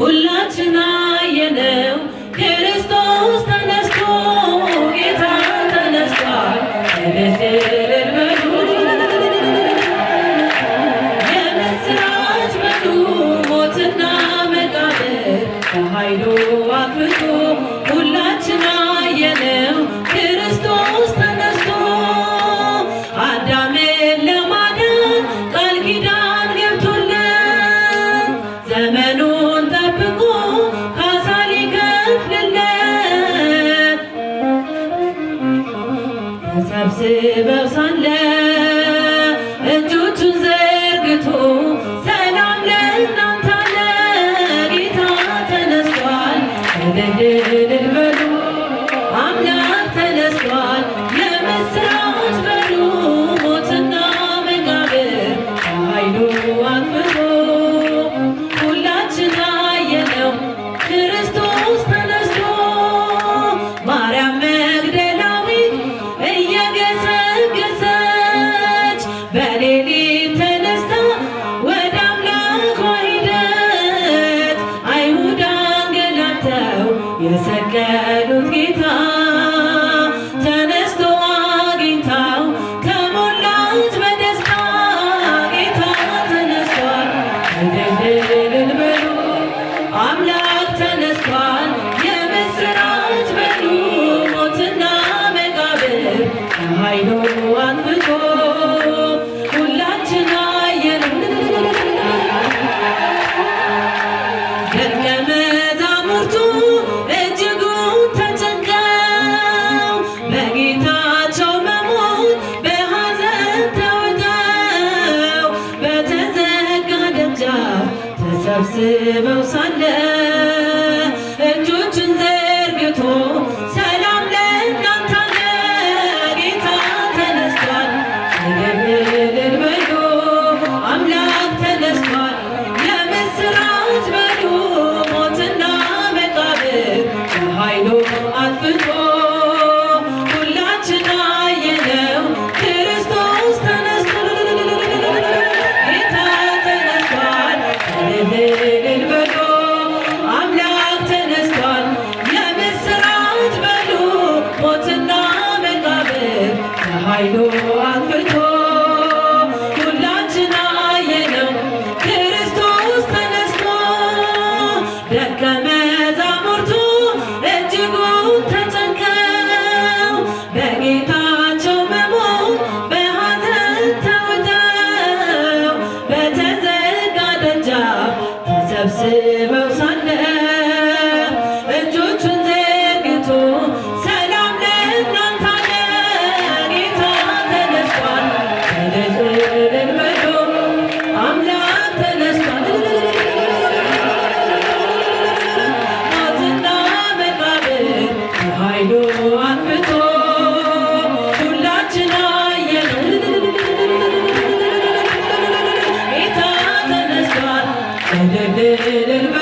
ሁላችን አየነው ክርስቶስ ተነስቶ ጌታ ተነስቷል። የምስራች በሉ ሞትና መቃብር በኃይሉ አብቶ ሁላችን አየነው ክርስቶስ ተነስቶ አዳሜ ለማዳን ቃል ኪዳን ገብቶለን ዘመኑ ተሰብስበው ሳለ I don't Jagu Gita. ሳስበው ሳለ 爱多难得。and